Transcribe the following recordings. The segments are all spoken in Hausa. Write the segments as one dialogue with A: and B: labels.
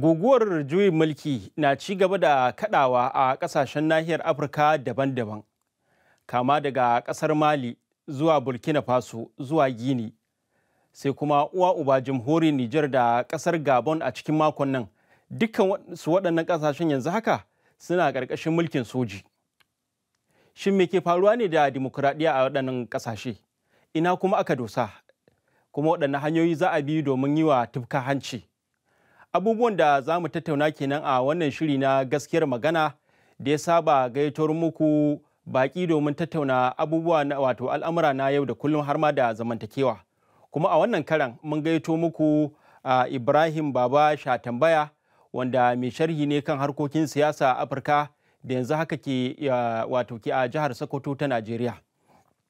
A: Guguwar juyin mulki na ci gaba da kadawa a kasashen nahiyar Afirka daban-daban, kama daga kasar Mali zuwa Burkina Faso zuwa Gini, sai kuma uwa uba jamhuri Nijar da kasar Gabon a cikin makon nan, dukkan su waɗannan kasashen yanzu haka suna ƙarƙashin mulkin soji. Shin me ke faruwa ne da dimokuraɗiyya a waɗannan ƙasashe? Ina kuma aka dosa? Kuma waɗanne hanyoyi za a bi domin yi wa tufka hanci? abubuwan da za mu tattauna kenan a wannan shiri na gaskiyar magana da ya saba gayyatar muku baƙi domin tattauna abubuwa na wato al'amura na yau da kullum har ma da zamantakewa kuma a wannan karan mun gayyato muku a ibrahim baba tambaya wanda mai sharhi ne kan harkokin siyasa afirka da yanzu haka ke wato ke a jihar sokoto ta najeriya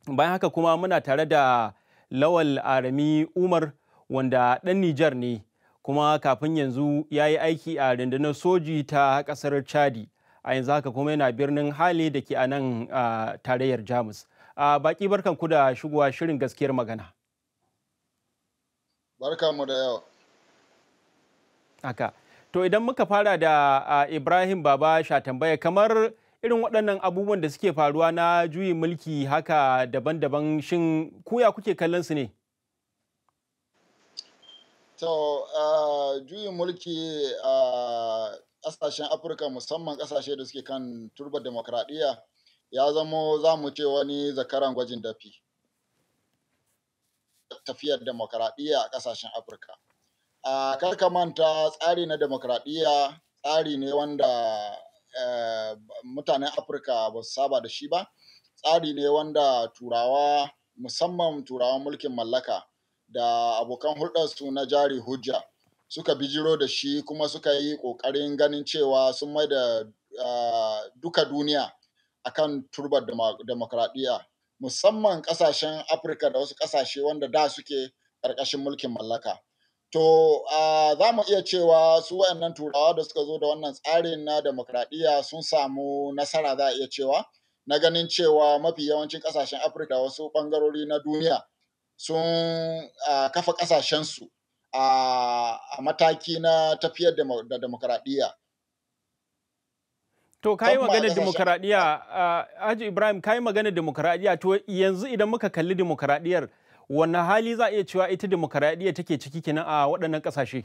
A: bayan haka kuma muna tare da lawal arami umar wanda ɗan nijar ne kuma kafin yanzu ya yi aiki a rundunar soji ta kasar chadi a yanzu haka kuma yana birnin hali da ke a nan tarayyar jamus a baki barkan ku da shigowa shirin gaskiyar magana
B: barka mu da yawa
A: haka to idan muka fara da ibrahim baba sha tambaya kamar irin waɗannan abubuwan da suke faruwa na juyin mulki haka daban-daban shin kuya kuke kallon su ne
B: To, juyin mulki a ƙasashen Afirka musamman ƙasashe da suke kan turbar demokradiyya ya zamo za mu ce wani zakaran gwajin dafi. Tafiyar demokradiyya a ƙasashen Afirka. A karka manta tsari na demokradiyya tsari ne wanda e, mutanen Afirka ba su saba da shi ba, tsari ne wanda turawa musamman turawan mulkin mallaka. da abokan hulɗarsu na jari hujja suka bijiro da shi kuma suka yi ƙoƙarin ganin cewa sun mai da duka duniya a kan turbar demokradiyya musamman ƙasashen afirka da wasu ƙasashe wanda da suke ƙarƙashin mulkin mallaka to za mu iya cewa su wayannan turawa da suka zo da wannan tsarin na demokradiyya sun samu nasara za a iya cewa na ganin cewa mafi yawancin ƙasashen afirka wasu ɓangarori na duniya sun kafa ƙasashensu a mataki na tafiyar da demokaradiyya.
A: To ka yi maganar
B: demokaradiyya,
A: Haji Ibrahim ka yi maganar demokaradiyya, to yanzu idan muka kalli demokaradiyyar wanne hali za a iya cewa ita demokaradiyya take ciki kenan a waɗannan ƙasashe?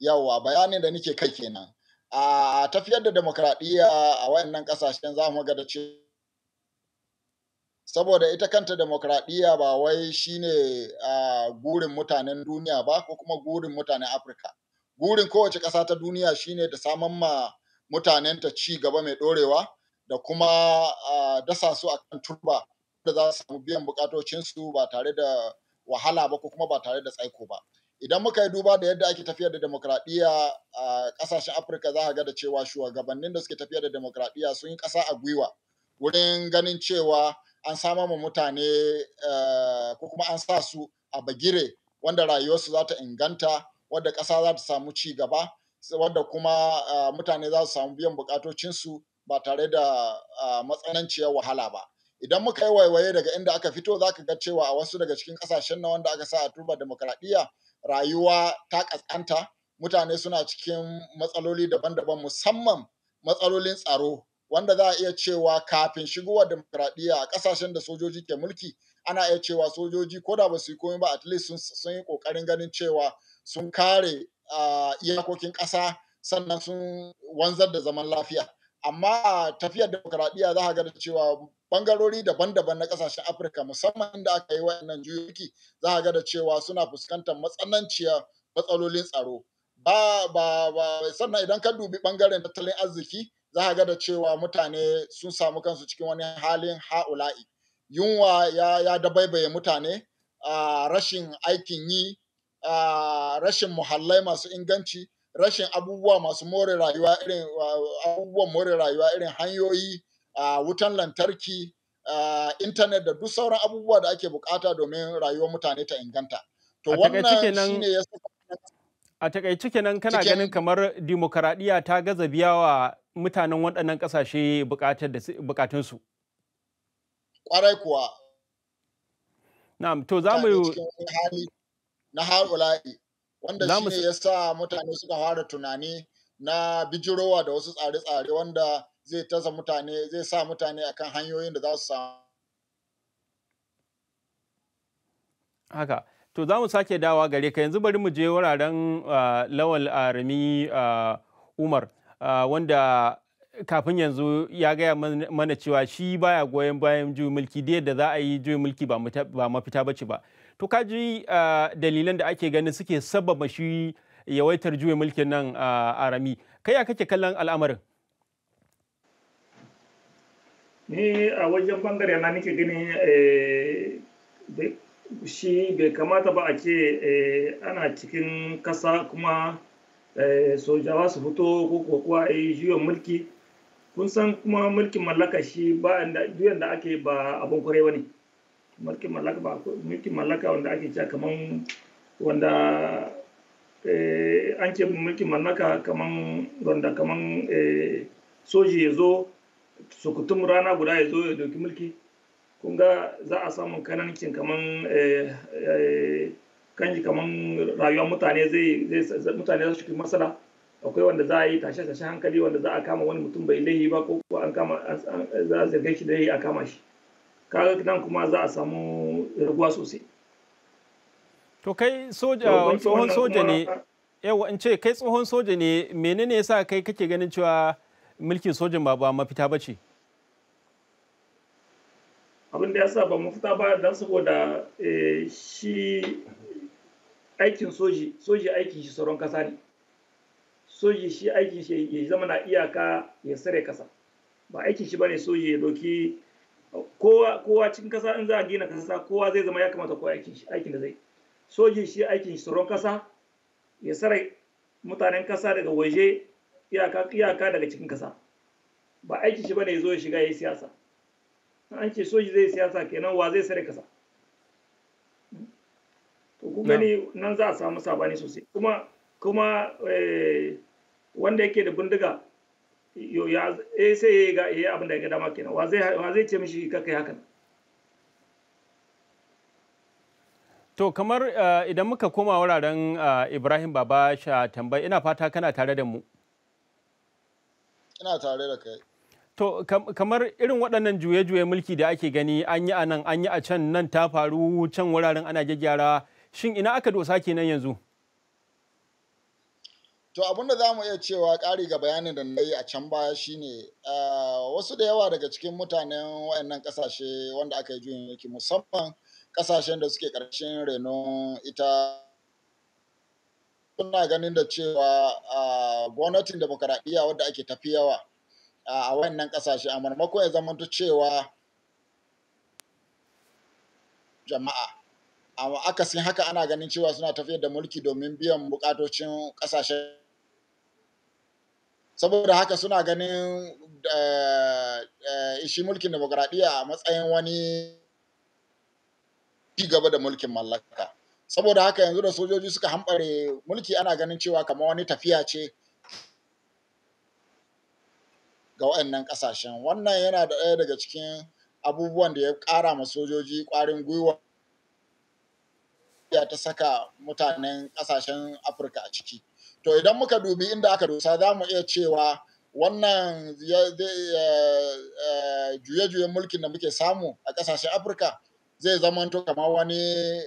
B: Yawwa bayanin da nake kai kenan. A tafiyar da demokaradiyya a waɗannan ƙasashen za mu ga da cewa saboda ita kanta demokradiyya ba wai shine a gurin mutanen duniya ba ko kuma gurin mutanen afirka gurin kowace ƙasa ta duniya shine da saman ma mutanen ta ci gaba mai ɗorewa da kuma dasa su a kan turba da za su samu biyan bukatocinsu ba tare da wahala ba ko kuma ba tare da tsaiko ba idan muka yi duba da yadda ake tafiyar da demokradiyya a ƙasashen afirka za a ga da cewa shugabannin da suke tafiyar da demokradiyya sun yi ƙasa a gwiwa wurin ganin cewa an samar ma mutane eh, ko kuma an sa su a bagire wanda rayuwarsu za ta inganta wadda ƙasa za ta samu ci gaba wadda kuma eh, mutane za su samu biyan bukatocinsu ba tare da eh, matsananciyar wahala ba idan muka yi waiwaye daga inda aka fito za ka ga cewa a wasu daga cikin ƙasashen na wanda aka sa a turba demokradiyya rayuwa ta ƙasƙanta mutane suna cikin matsaloli daban-daban musamman matsalolin tsaro wanda za a iya cewa kafin shigowar demokradiyya a ƙasashen da sojoji ke mulki ana iya cewa sojoji ko da ba su yi komai ba at least sun yi ƙoƙarin ganin cewa sun kare iyakokin ƙasa sannan sun wanzar da zaman lafiya amma a tafiyar demokradiyya za a ga cewa bangarori daban-daban na kasashen afirka musamman da aka yi wa'annan juyoki za a ga da cewa suna fuskantar matsananciyar matsalolin tsaro ba ba ba sannan idan ka dubi bangaren tattalin arziki za a ga da cewa mutane sun samu kansu cikin wani halin ha'ula'i yunwa ya, ya dabaibaye mutane a rashin aikin yi uh, rashin muhallai masu inganci rashin abubuwa masu more rayuwa irin abubuwan more rayuwa irin hanyoyi uh, wutan lantarki uh, intanet da duk sauran abubuwa da ake bukata domin rayuwar mutane ta inganta to
A: a takaice kenan kana ganin kamar dimokuraɗiyya ta gaza biyawa mutanen waɗannan ƙasashe bukatunsu. Ƙwarai kuwa. Na'am, to za mu
B: yi. Na harula'i, wanda shi ne ya sa mutane suka fara tunani na bijirowa da wasu tsare-tsare wanda zai tasa mutane, zai sa mutane akan hanyoyin da za su samu.
A: Haka. To za mu sake dawa gare ka yanzu bari mu je wuraren ah, lawal a Rami ah, Umar. Ah, wanda kafin yanzu ya gaya mana cewa shi baya goyon bayan juyin mulki da yadda za a yi juyin mulki ba mafita ba ba to ji ah, dalilan da ake ganin suke sababa shi yawaitar juyin mulkin nan ah, a rami kai ya kake kallon al'amarin
C: ni a wajen bangare na nake ganin eh, shi bai kamata ba a ce eh, ana cikin kasa kuma Eh, sojawa su fito ko kokuwa a yi juyon mulki kun san kuma mulkin mallaka shi ba juyon da ake ba abin kwarai wani mulkin mallaka ba mulkin mallaka wanda ake cewa kaman wanda
A: eh,
C: an ce mulkin mallaka kaman wanda kaman eh, soji ya zo sukutum rana guda ya zo ya doki mulki kun ga za a samu kananikin kaman kan ji kaman rayuwar mutane zai mutane za su shiga masala akwai wanda za a yi tashe tashen hankali wanda za a kama wani mutum bai laihi ba ko an kama za a zarge shi da laihi a kama shi kaga nan kuma za a samu raguwa sosai
A: to kai soja tsohon soja ne yawa in ce kai tsohon soja ne menene yasa kai kake ganin cewa mulkin sojan ba ba mafita bace.
C: abin da yasa ba mafita ba dan saboda eh, shi aikin soji soji aikin shi tsaron kasa ne soji shi aikin shi ya zama na iyaka ya sare kasa ba aikin shi bane soji ya doki kowa kowa cikin kasa in za a gina kasa kowa zai zama ya kamata kowa aikin shi aikin da zai soji shi aikin shi tsaron kasa ya sare mutanen kasa daga waje iyaka iyaka daga cikin kasa ba aikin shi bane ya zo ya shiga ya yi siyasa an ce soji zai siyasa kenan wa zai sare kasa gani nan za a samu sabani sosai kuma kuma eh, wanda yake da bindiga ya eh, sai ya ga ya abin da ya dama kenan wa zai wa zai ce mishi ka kai hakan
A: To kamar eh, idan muka koma wuraren Ibrahim Baba sha tambayi ina fata kana tare da mu.
B: Ina tare da kai.
A: To kamar irin waɗannan juye-juye mulki da ake gani an yi a nan an yi a can nan ta faru can wuraren ana gyaggyara shin ina aka dosa kenan yanzu
B: to abin da za mu iya cewa ƙari ga bayanin da na yi a can baya shine ah, wasu da yawa daga cikin mutanen waɗannan kasashe wanda aka yi juyin yake musamman ƙasashen da suke ƙarshen renon ita suna ganin da cewa ah, gwamnatin demokaradiyya wadda ake tafi yawa ah, a wayannan ƙasashe a marmako ya zama cewa jama'a amma akasin haka ana ganin cewa suna tafiyar da mulki domin biyan bukatocin kasashe saboda haka suna ganin eh, eh, shi mulkin demokuraɗiyya a matsayin wani ci gaba da mulkin mallaka saboda haka yanzu da sojoji suka hambare mulki ana ganin cewa kamar wani tafiya ce ga wa'annan kasashen wannan yana da ɗaya daga cikin abubuwan da ya kara ma sojoji kwarin gwiwa Najeriya ta saka mutanen ƙasashen Afirka a ciki. To idan muka dubi inda aka dosa za mu iya cewa wannan juye-juyen mulkin da muke samu a ƙasashen Afirka zai to kamar wani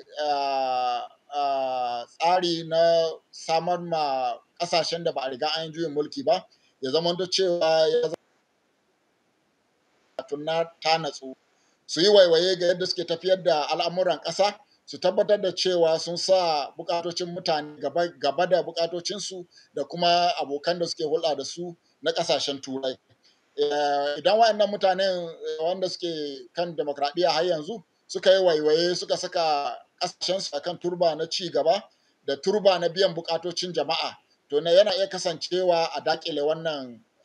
B: tsari na samar ma ƙasashen da ba a riga an juyin mulki ba ya to cewa ya zama na ta natsu su yi waiwaye ga yadda suke tafiyar da al'amuran ƙasa su tabbatar da cewa sun sa bukatocin mutane gaba da bukatocinsu da kuma abokan da suke hulɗa da su na ƙasashen turai eh, idan waɗannan mutanen eh, wanda suke kan demokradiyya har yanzu suka yi waiwaye suka saka ƙasashensu a kan turba na ci gaba da turba na biyan bukatocin jama'a to na yana iya kasancewa a dakile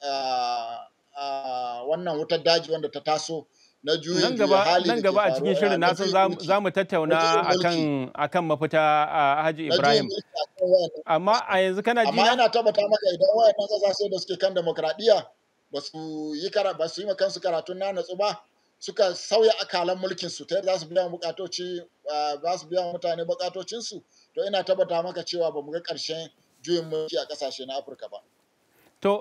B: ah, ah, wannan wutar daji wanda ta taso na juyin juya hali nan gaba a cikin shirin na san za
A: mu tattauna akan akan mafita a Haji Ibrahim amma a yanzu kana jina? amma yana
B: tabbata maka idan wayannan kasashe da suke kan demokradiya ba su yi ba su yi ma kansu karatun na natsu ba suka sauya akalan mulkin su ta yadda za su biya bukatoci za su biya mutane bukatocin su to ina tabbata maka cewa ba mu ga karshen juyin mulki a kasashe na Afirka ba
A: To,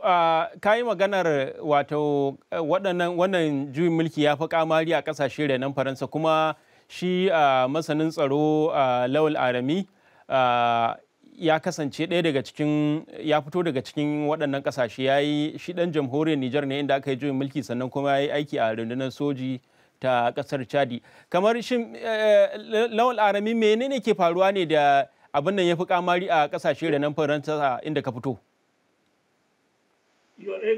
A: ka yi maganar wato wannan juyin mulki ya fi kamari a ƙasashe renon Faransa kuma shi a masanin tsaro a Lawal Arami ya kasance ɗaya daga cikin ya fito daga cikin waɗannan ƙasashe ya yi shi ɗan jamhuriyar Nijar ne inda aka yi juyin mulki sannan kuma ya yi aiki a rundunar soji ta ƙasar Chadi. Kamar shi e, e, Lawal Arami menene ke faruwa ne da abin nan ya fi kamari a ƙasashe renon Faransa inda ka fito?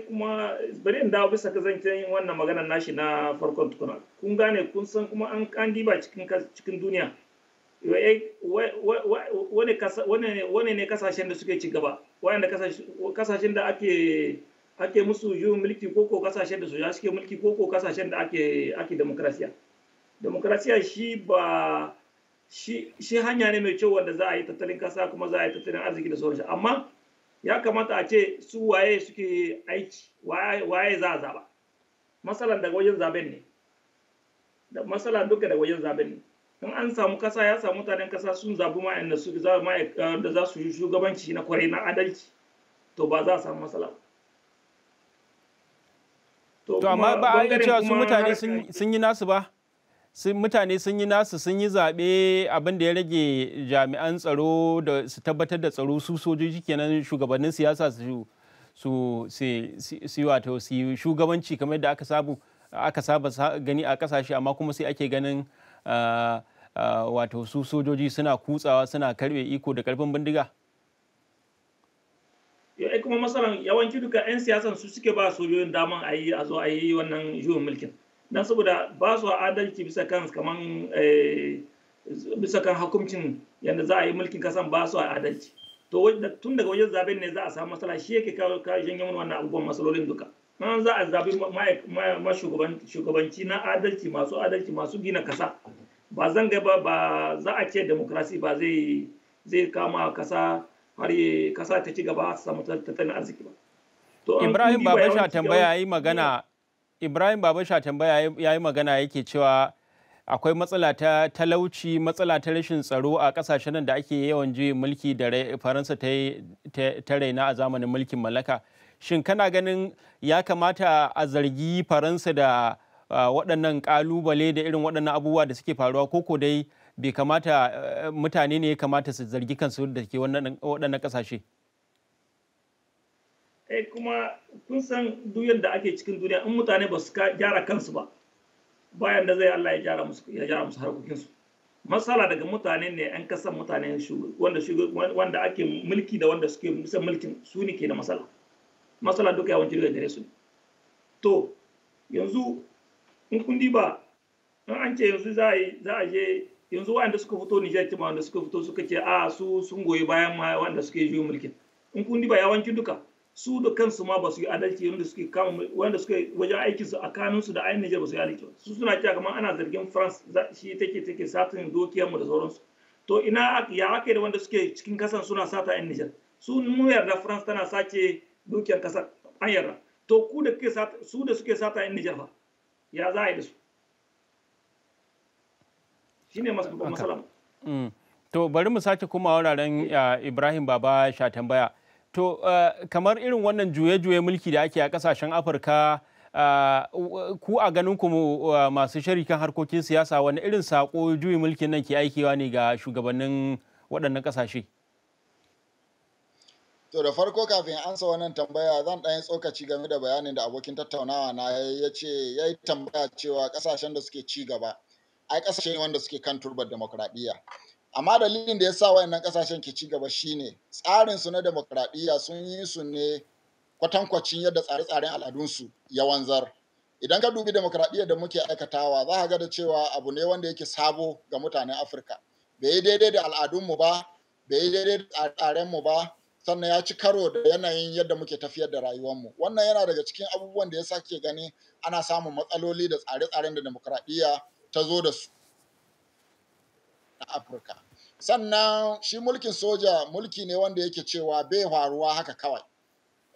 C: kuma bari in dawo bisa yin wannan maganar nashi na farkon tukuna kun gane kun san kuma an an diba cikin cikin duniya wane ne kasashen da suke ci gaba da kasashen da ake ake musu juyin mulki ko kasashen da su ya suke mulki ko kasashen da ake ake demokrasiya demokrasiya shi ba shi hanya ne mai kyau wanda za a yi tattalin kasa kuma za a yi tattalin arziki da sauransu amma ya kamata a ce su waye suke aiki waye za a zaba matsalan daga wajen zaben ne da matsala duka daga wajen zaben ne in an samu kasa ya samu mutanen kasa sun zabi ma'aikata su da za su yi shugabanci na kwarai na adalci to ba za a samu matsala to amma ba a cewa su mutane
A: sun yi nasu ba mutane sun yi nasu sun yi zaɓe abin da ya rage jami'an tsaro da su tabbatar da tsaro su sojoji kenan shugabannin siyasa su su wato su shugabanci kamar da aka sabu aka saba gani a kasashe amma kuma sai ake ganin wato su sojoji suna kutsawa suna karbe iko da karfin bindiga
C: eh, kuma matsalan yawanci duka 'yan siyasan su suke ba sojojin daman a yi a zo a yi wannan juyin mulkin na saboda ba su adalci bisa kan kaman eh, bisa kan hukuncin yadda za a yi mulkin kasan ba su adalci to tun daga wajen zaben ne za a samu matsala shi yake kawo janyo mana wannan abubuwan matsalolin duka nan za a zabi shugabanci na adalci masu adalci masu gina kasa ba zan gaba ba za a ce demokrasi ba zai zai kama kasa har kasa ta ci gaba a samu tattalin arziki ba.
A: Ibrahim Babasha tambaya yi magana ibrahim babasha tambaya ya yi magana yake cewa akwai matsala ta talauci matsala ta rashin tsaro a kasashen nan da ake yawan juyin mulki da faransa ta raina a zamanin mulkin mallaka shin kana ganin ya kamata a zargi faransa da waɗannan ƙalubale da irin waɗannan abubuwa da suke faruwa Ko ko dai bai kamata eh, mutane ne ya kamata su zargi kansu da ke waɗannan ƙasashe.
C: eh kuma kun san duk yadda ake cikin duniya in mutane ba su gyara kansu ba bayan da zai Allah ya gyara musu ya gyara musu harkokin su masala daga mutane ne an kasan mutane wanda wanda ake mulki da wanda suke musa mulkin su ne ke da masala masala duka yawanci daga gare su to yanzu in kun diba in an ce yanzu za a je yanzu wanda suka fito Nijar kima wanda suka fito suka ce a ah, su sun goyi bayan ma wanda suke juyin mulkin in kun diba yawancin duka su da kansu ma ba su yi adalci wanda suke kama wanda suke wajen aikin su a kanun su da ayin Niger ba su yi adalci su suna cewa kamar ana zargin France shi take take satin dokiyar mu da sauransu to ina ya ake da wanda suke cikin kasan suna sata ayin Niger su mu yarda France tana sace dokiyar kasar an yarda to ku da kuke su da suke sata ayin Niger fa ya za a yi da su shine masu matsala
A: mm. to bari mu sake kuma wuraren Ibrahim Baba Shatambaya To uh, kamar irin wannan juye-juye mulki da ake a kasashen Afirka uh, ku a ganin ku uh, eh, masu sharikan harkokin siyasa wani irin sako juyi mulkin nan ke aikewa ne ga shugabannin waɗannan kasashe?
B: To da farko kafin ansa wannan tambaya zan ɗan tsokaci game da bayanin da abokin tattaunawa na ya ce ya yi tambaya cewa kasashen da suke ci gaba ai kasashen ne wanda suke kan turbar demokradiyya. Amma dalilin da ya sa wayannan kasashen ke ci gaba shine tsarinsu na demokradiyya sun yi su ne kwatankwacin yadda tsare-tsaren al'adunsu ya wanzar. Idan ka dubi demokradiyyar da muke aikatawa za ka ga da cewa abu ne wanda yake sabo ga mutanen Afirka. Bai yi daidai da al'adunmu ba, bai yi daidai da tsarenmu ba, sannan ya ci karo da yanayin yadda muke tafiyar da rayuwarmu. Wannan yana daga cikin abubuwan da ya sa ke gani ana samun matsaloli da tsare-tsaren da demokradiyya ta zo da su na Afirka. sannan shi mulkin soja mulki ne wanda yake cewa bai faruwa haka kawai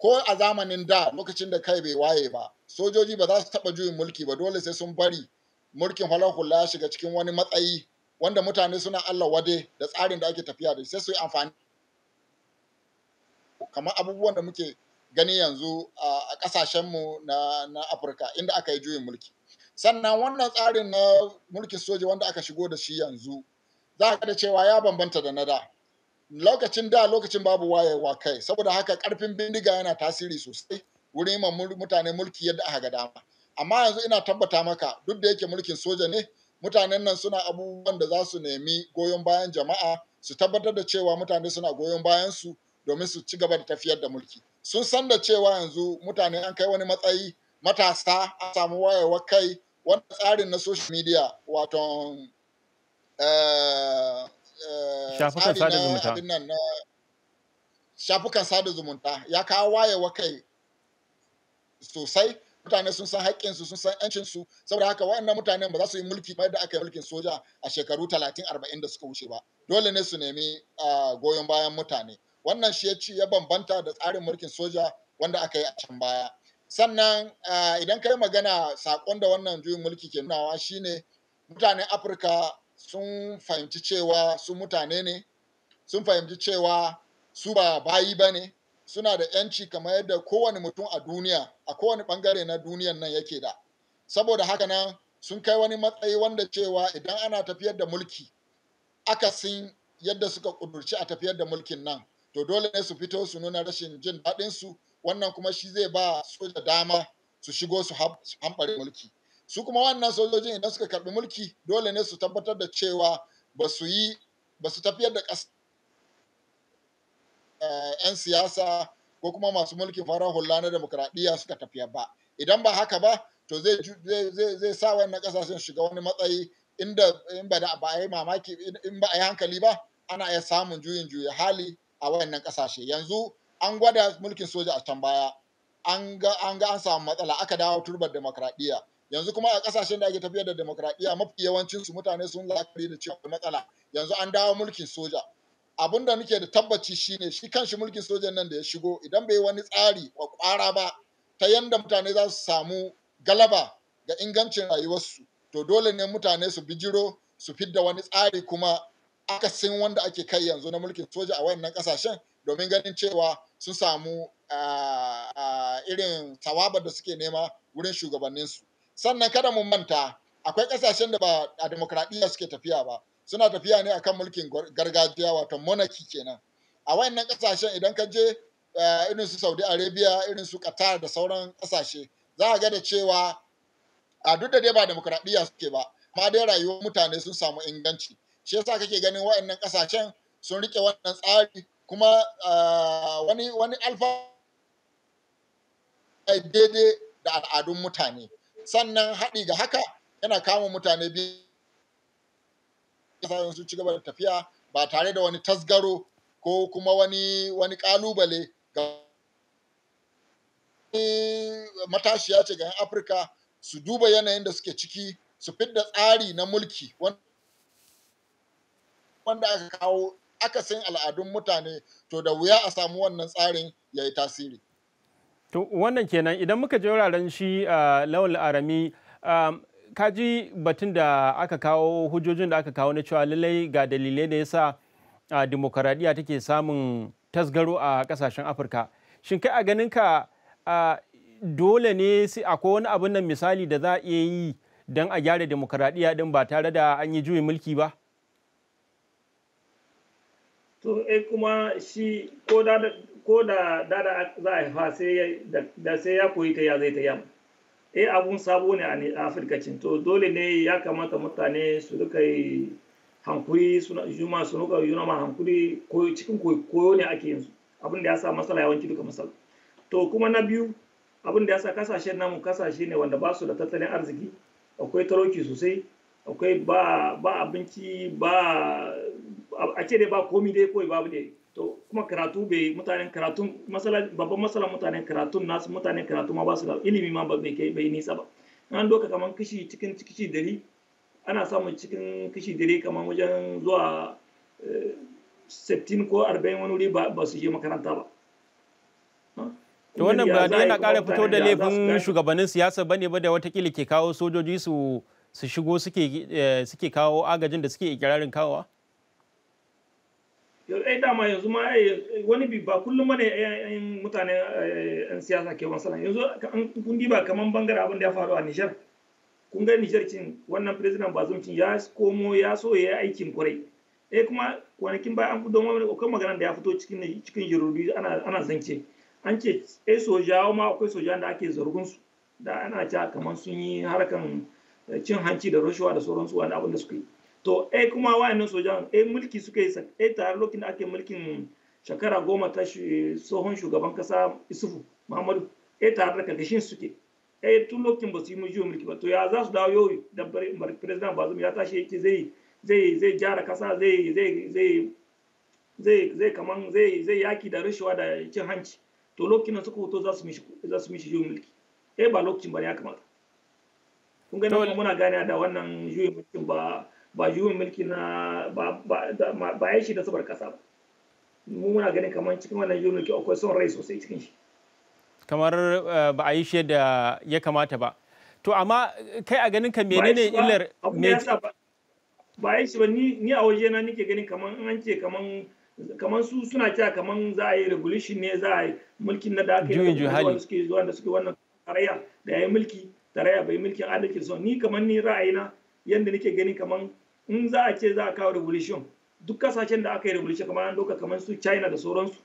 B: ko a zamanin da lokacin da kai bai waye ba sojoji ba za su taɓa juyin mulki ba dole sai sun bari mulkin falar hula shiga cikin wani matsayi wanda mutane suna allah wade da tsarin da ake tafiya da sai su yi amfani kamar abubuwan da muke gani yanzu a ƙasashenmu na, na afirka inda aka yi juyin mulki sannan wannan tsarin na mulkin soja wanda aka shigo da shi yanzu za ka da cewa ya bambanta da na da lokacin da lokacin babu wayewa kai saboda haka karfin bindiga yana tasiri sosai wurin ma mutane mulki yadda aka ga dama amma yanzu ina tabbata maka duk da yake mulkin soja ne mutanen nan suna abubuwan da za su nemi goyon bayan jama'a su tabbatar da cewa mutane suna goyon bayan su domin su ci gaba da tafiyar da mulki sun san da cewa yanzu mutane an kai wani matsayi matasa an samu wayewar kai wani tsarin na social media wato Eh, eh, shafukan sada zumunta shafukan sada zumunta ya kawo wayewa kai sosai mutane sun san haƙƙinsu sun san ‘yancinsu saboda haka waɗannan mutanen ba za su yi mulki ba da aka yi mulkin soja a shekaru talatin arba'in da suka wuce ba dole ne su nemi ah, goyon bayan mutane wannan shi ya ci ya bambanta da tsarin mulkin soja wanda aka yi a can baya sannan ah, idan kai magana saƙon da wannan juyin mulki ke nunawa shine mutanen afirka sun fahimci cewa su mutane ne sun fahimci cewa su ba bayi ba ne suna da ‘yanci kamar yadda kowane mutum a duniya a kowane bangare na duniyan nan yake da saboda haka nan sun kai wani matsayi wanda cewa idan ana tafiyar da mulki akasin yadda suka kudurci a tafiyar da mulkin nan to dole ne su fito su nuna rashin jin daɗinsu wannan kuma shi zai ba soja dama su shigo su hambare mulki su kuma wannan sojojin idan suka karbi mulki dole ne su tabbatar da cewa ba su yi ba su tafiyar da ƙasa eh, 'yan siyasa ko kuma masu mulkin farar hula na demokuraɗiyya suka tafiyar ba idan ba haka ba to zai sa wannan ƙasashen shiga wani matsayi inda in ba da ba a yi mamaki in ba a yi hankali ba ana iya samun juyin juya hali a wayannan ƙasashe yanzu an gwada mulkin soja a can baya an ga an samu matsala aka dawo turbar demokuraɗiyya yanzu kuma a kasashen da ake tafiyar da demokradiyya mafi yawancin su mutane sun la'akari da cewa matsala yanzu an dawo mulkin soja Abun da nake da tabbaci shine shi kanshi mulkin sojan nan da ya shigo idan bai wani tsari wa kwara ba ta yanda mutane za su samu galaba ga ingancin rayuwarsu to dole ne mutane su bijiro su fidda wani tsari kuma aka sin wanda ake kai yanzu na mulkin soja a wayannan kasashen domin ganin cewa sun samu ah, ah, irin tawabar da suke nema wurin shugabanninsu sannan kada mu manta akwai ƙasashen da ba a demokradiyya suke tafiya ba suna tafiya ne akan mulkin gargajiya wato monarchy kenan a wayannan kasashen idan ka je eh, irin su Saudi Arabia irin su Qatar da sauran ƙasashe za a ga da cewa a duk da dai ba demokradiyya suke ba ma dai rayuwar mutane sun samu inganci shi yasa kake ganin wayannan kasashen sun rike wannan tsari kuma eh, wani wani alfa daidai da al'adun mutane sannan haɗi ga haka yana kama mutane biyu su ci gaba da tafiya ba tare da wani tasgaro ko kuma wani wani ƙalubale ga matashiya ce ga 'yan afirka su duba yanayin da suke ciki su fidda tsari na mulki wanda aka kawo akasin al'adun mutane to da wuya a samu wannan tsarin ya yi tasiri
A: To wannan kenan idan muka je wuraren shi a lawal arami ka ji batun da aka kawo hujjojin da aka kawo na cewa lallai ga dalilai da yasa a demokaradiyya take samun tasgaro a kasashen afirka shin kai a ganin ka dole ne akwai wani abin nan misali da za a iya yi don a gyara demokaradiyya din ba tare da an yi juyin mulki ba
C: to eh, kuma shi ko da ko da da za a haifa sai ya koyi ta ya zai ta yamma eh abun sabo ne a cin to dole ne ya kamata mutane su rika yi hankuri juma su rika yi ma hankuri cikin koyo ne ake yanzu abin da ya sa matsala yawanci duka matsala to kuma na biyu abin da ya sa kasashen namu kasashe ne wanda ba su da tattalin arziki akwai talauci sosai akwai ba abinci ba a ce dai ba komi dai kawai babu dai to kuma karatu bai mutanen karatu babban masala mutanen karatun nasu mutanen karatu ma ba su da ilimi ma bai kai bai nisa ba an doka kaman kishi cikin kishi dari ana samun cikin kishi dari kaman wajen zuwa 60 eh, ko 40 wani wuri ba su je makaranta ba
A: to wannan ba yana kare fito da laifin shugabannin siyasa bane ba da watakila ke kawo sojoji su su shigo suke eh, kawo agajin da suke ikirarin kawowa
C: ai dama yanzu ma wani bi ba kullum bane yan mutane yan siyasa ke wani yanzu an kun diba kaman bangare abin da ya faru a Nijar kun ga Nijar cin wannan president Bazoum cin ya komo ya so ya aikin kurai eh kuma kwanakin baya an fito mana kokarin magana da ya fito cikin cikin jiruri ana ana zance an ce eh sojawa ma akwai sojan da ake zargin su da ana cewa kaman sun yi harkan eh, cin hanci da rashawa da sauransu wani abin da suka yi to eh kuma wayannan sojan e mulki suka yi eh tare lokacin da ake mulkin shekara goma ta tsohon shugaban kasa isufu muhammadu e tare da karkashin suke eh tun lokacin ba su yi mujiyo mulki ba to ya za su dawo yau da president bazum ya tashi yake zai zai zai gyara kasa zai zai zai zai zai kaman zai zai yaki da rashawa da cin hanci to lokacin da suka hoto za su mishi za su mishi mulki e ba lokacin ba ne ya kamata kun ga muna gane da wannan juyin mulkin ba ba juyin mulki na ba ya shi da sabar kasa ba mu muna ganin kamar cikin wannan juyin mulki akwai son rai sosai cikin
A: shi kamar eh, ba a yi shi da ya kamata ba to amma kai a ganin ka menene illar
C: ba ya shi ba ni a waje na nike ganin kamar an ce kamar kamar su suna cewa kamar za a yi regulation ne za a yi mulkin na da aka yi wanda suke zuwa da suke wannan tarayya da ya yi mulki tarayya bai mulkin adalci son ni kamar ni ra'ayina yadda nake gani kaman in za a ce za a kawo revolution duk kasashen da aka yi revolution kamar an doka kamar su china da sauransu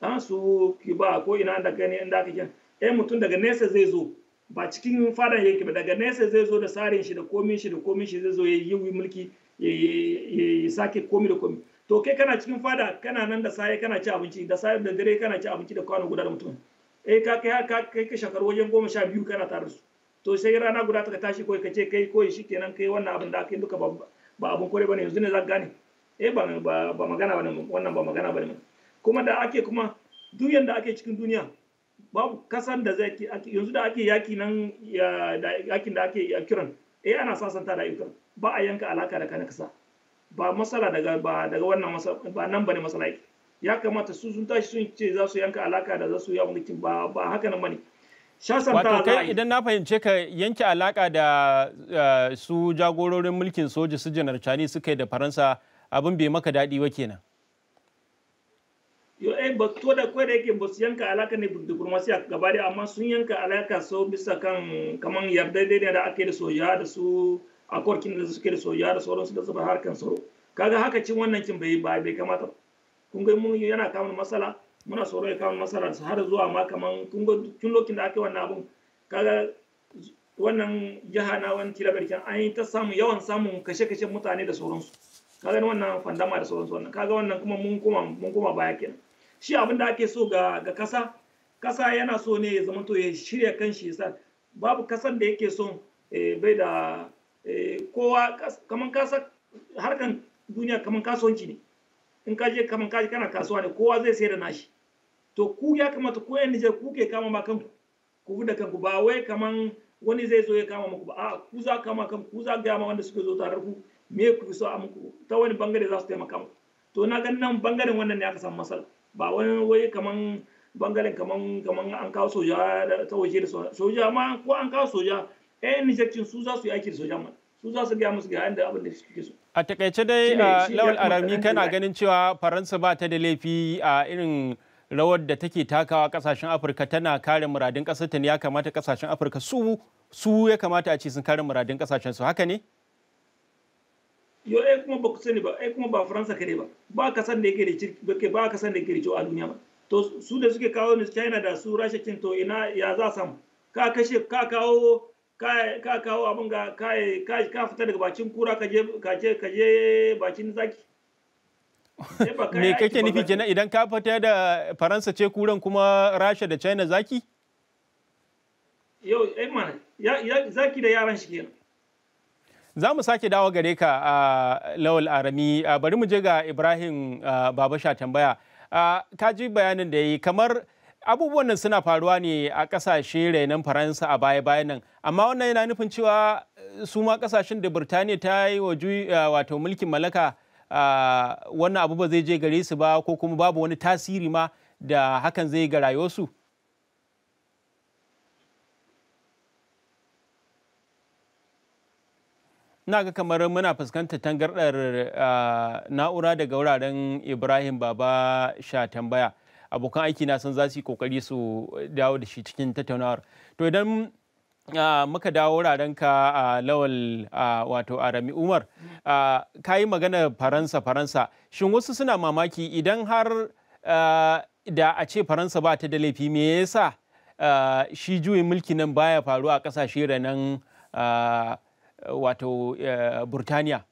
C: ha su cuba ko ina da gani inda aka kyan ɗaya eh, mutum daga nesa zai zo ba cikin fadan yanki ba daga nesa zai zo da tsarin shi da komin shi da komin shi zai zo ya yi mulki ya sake komi da komi to kai kana cikin fada kana nan da saye kana ci abinci da saye da dare kana ci abinci da kwano guda da mutum eh ka kai ka kai ka shakar wajen goma sha biyu kana tare su to sai rana guda ta tashi kai ka ce kai koyi kenan kai wannan abin da aka yi duka ba abun kore bane yanzu ne za gane eh ba ba magana bane wannan ba magana bane kuma da ake kuma duk yanda ake cikin duniya babu kasan da zai yanzu da ake yaki nan yakin da ake kiran eh ana sasanta da ikon ba a yanka alaka da kana kasa ba masala daga ba daga wannan ba nan bane masala yake ya kamata su sun tashi sun ce za su yanka alaka da za su yi ba ba haka nan bane
A: Wato kai idan na fahimce ka yanke alaka da eh, su jagororin mulkin soja su janar cani suka yi da Faransa abin bai maka daɗi wa kenan.
C: Yo eh ba to da kwai da yake ba su yanka alaka ne a gaba da amma sun yanka alaka sau bisa kan kaman yarda da ake da soja da su akorkin da suke da soja da sauransu da zuba harkan tsaro. Kaga haka cin wannan kin bai bai kamata. Kun ga mun yana kama matsala muna tsoro ya kama masara har zuwa ma kaman tun lokacin da aka yi wannan abun kaga wannan jiha na wani barkin an yi ta samun yawan samun kashe-kashe mutane da sauransu kaga wannan fandama da sauransu wannan kaga wannan kuma mun koma mun koma baya kenan shi abin da ake so ga ga kasa kasa yana so ne ya zama to ya shirya kan shi yasa babu kasan da yake so eh, bai da eh, kowa kaman kasa harkan duniya kaman kasuwanci ne in ka je kaman kaji kana kasuwa ne kowa zai sayar da nashi to ku ya kamata ku yan Nijar ku ke kama ma kanku ku da kanku ba wai kaman wani zai zo ya kama muku ba a ku za kama kanku ku za ga ma wanda suke zo tare ku me ku so a muku ta wani bangare za su taimaka muku to na ga nan bangaren wannan ne aka samu masala ba wani wai kaman bangaren kaman kaman an kawo soja ta waje da soja ma ko an kawo soja yan Nijar su za su yi aiki da soja ma su za su gaya musu ga yadda abin da suke so.
A: A takaice dai Lawal Arami kana ganin cewa Faransa ba ta da laifi a irin rawar da take takawa kasashen afirka tana kare muradin kasar ta ne ya kamata kasashen afirka su su ya kamata a ce sun kare muradin kasashen su haka ne
C: yo ai kuma ba ku sani ba ai kuma ba faransa kare ba ba ka san da yake da ba ka san da yake da a duniya ba to su da suke kawo ne china da su rasha kin to ina ya za samu ka kashe ka kawo ka kawo abin ga ka ka fita daga bakin kura ka je ka je bakin zaki
A: me kake nufi kenan idan ka fita da faransa ce kuran kuma rasha da china zaki
C: yau eh, mana zaki da yaran shi
A: za mu sake dawo gare ka a lawal arami bari mu je ga ibrahim babasha tambaya ka ji bayanin da ya yi kamar abubuwan nan suna faruwa ne a kasashe rainon faransa a baya-bayan nan amma wannan yana nufin cewa su ma kasashen da birtaniya ta yi wa wato mulkin mallaka wannan abu ba zai je gare su ba ko kuma babu wani tasiri ma da hakan zai ga rayuwarsu? na ga kamar muna fuskantar tangarɗar na'ura daga wuraren ibrahim baba sha tambaya abokan aiki na san za su yi kokari su dawo da shi cikin tattaunawar to idan Uh, muka dawo ka ah, ah, a uh, lawal uh, wato arami umar ka yi magana faransa faransa shin wasu suna mamaki idan har da a ce faransa ba ta da laifi me yasa shi juyin mulki nan baya faru a kasashe renan wato eh, burtaniya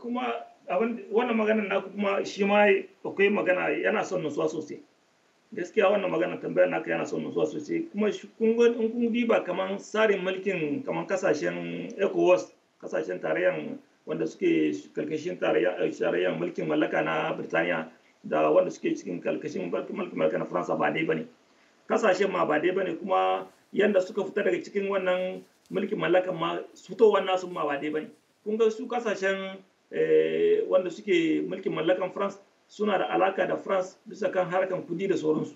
C: kuma wannan maganar na kuma shi ma akwai magana yana son nutsuwa sosai gaskiya wannan magana tambayar naka yana son nutsuwa sosai kuma in kun diba kamar tsarin mulkin kamar kasashen ecowas kasashen tarayyar wanda suke kalkashin tarayyar eh, mulkin mallaka na birtaniya da wanda suke cikin kalkashin mulkin mallaka na faransa ba dai bane kasashen ma ba dai bane kuma yanda suka fita daga cikin wannan mulkin mallakan ma fitowar nasu ma ba dai bane kun ga su kasashen eh, wanda suke mulkin mallakan france suna da alaka da france bisa kan harkan kudi da sauransu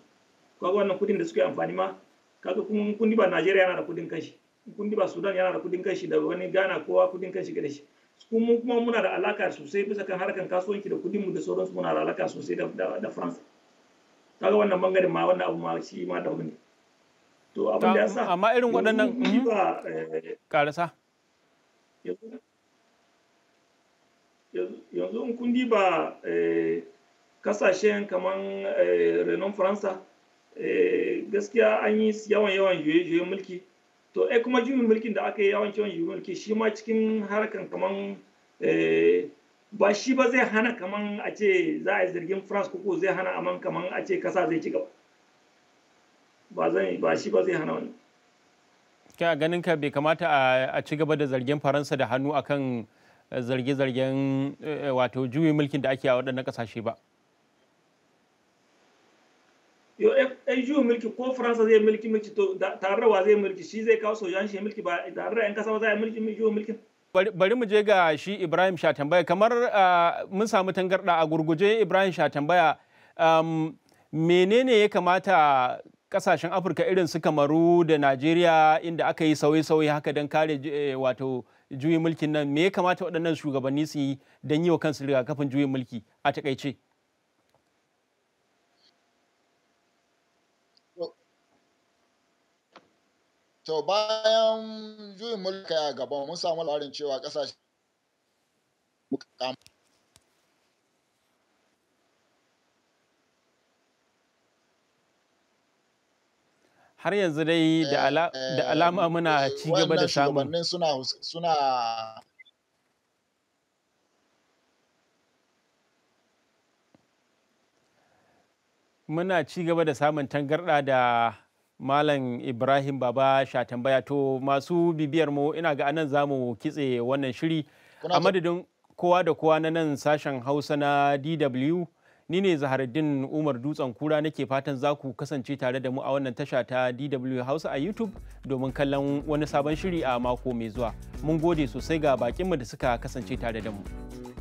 C: kaga wannan kudin da suke amfani ma kaga kuma kun ba najeriya yana da kudin kashi kun ba sudan yana da kudin kashi da wani ghana kowa kudin kashi gare shi kuma kuma muna da alaka sosai bisa kan harkan kasuwanci da mu da sauransu muna da alaka sosai da france kaga wannan bangaren ma wannan abu ma shi ma da wani to abin da ya sa amma irin waɗannan mhm. eh, karasa yanzu in kun diba eh, kasashen kamar eh, renon faransa eh, gaskiya an yi yawan yawan juye-juyen mulki to ai kuma juyin mulkin da aka yi yawan yawan juyin mulki shi ma cikin harkan kamar eh, ba shi ba zai hana kamar a ce za a yi zargin france ko zai hana aman kamar a ce kasa zai ci gaba ba zan ba shi ba zai hana wani
A: kya ganin ka bai kamata a ci gaba da zargin faransa da hannu akan zarge-zargen wato juyin mulkin da ake a waɗannan ƙasashe ba
C: ɗan mulki ko faransa zai mulki mulki to tare da wa zai mulki shi zai kawo sojan shi mulki ba tare da yan kasa ba zai mulki juyin mulkin
A: bari mu je ga shi ibrahim sha tambaya kamar ah, mun samu tangarɗa a gurguje ibrahim sha tambaya menene ya kamata kasashen afirka irin su kamaru da najeriya inda aka yi sauye-sauye haka don kare eh, wato juyin mulkin nan me ya kamata waɗannan shugabanni su yi don yi wa kansu rigakafin juyin mulki a takaice.
B: To bayan juyin mulka a gaba mun samu larin cewa kasashe
A: har yanzu dai da eh, alama muna eh, ci gaba da samun
B: suna suna
A: muna ci gaba da samun tangarɗa da Malam Ibrahim Baba sha tambaya to masu bibiyar mu ina ga anan zamu kitse wannan shiri a madadin kowa da kowa na nan sashen Hausa na DW ni ne Zaharuddin Umar Dutsen Kura nake fatan za ku kasance tare da mu a wannan tasha ta DW Hausa a YouTube domin kallon wani sabon shiri a mako mai zuwa. Mun gode sosai ga mu da suka kasance tare da mu.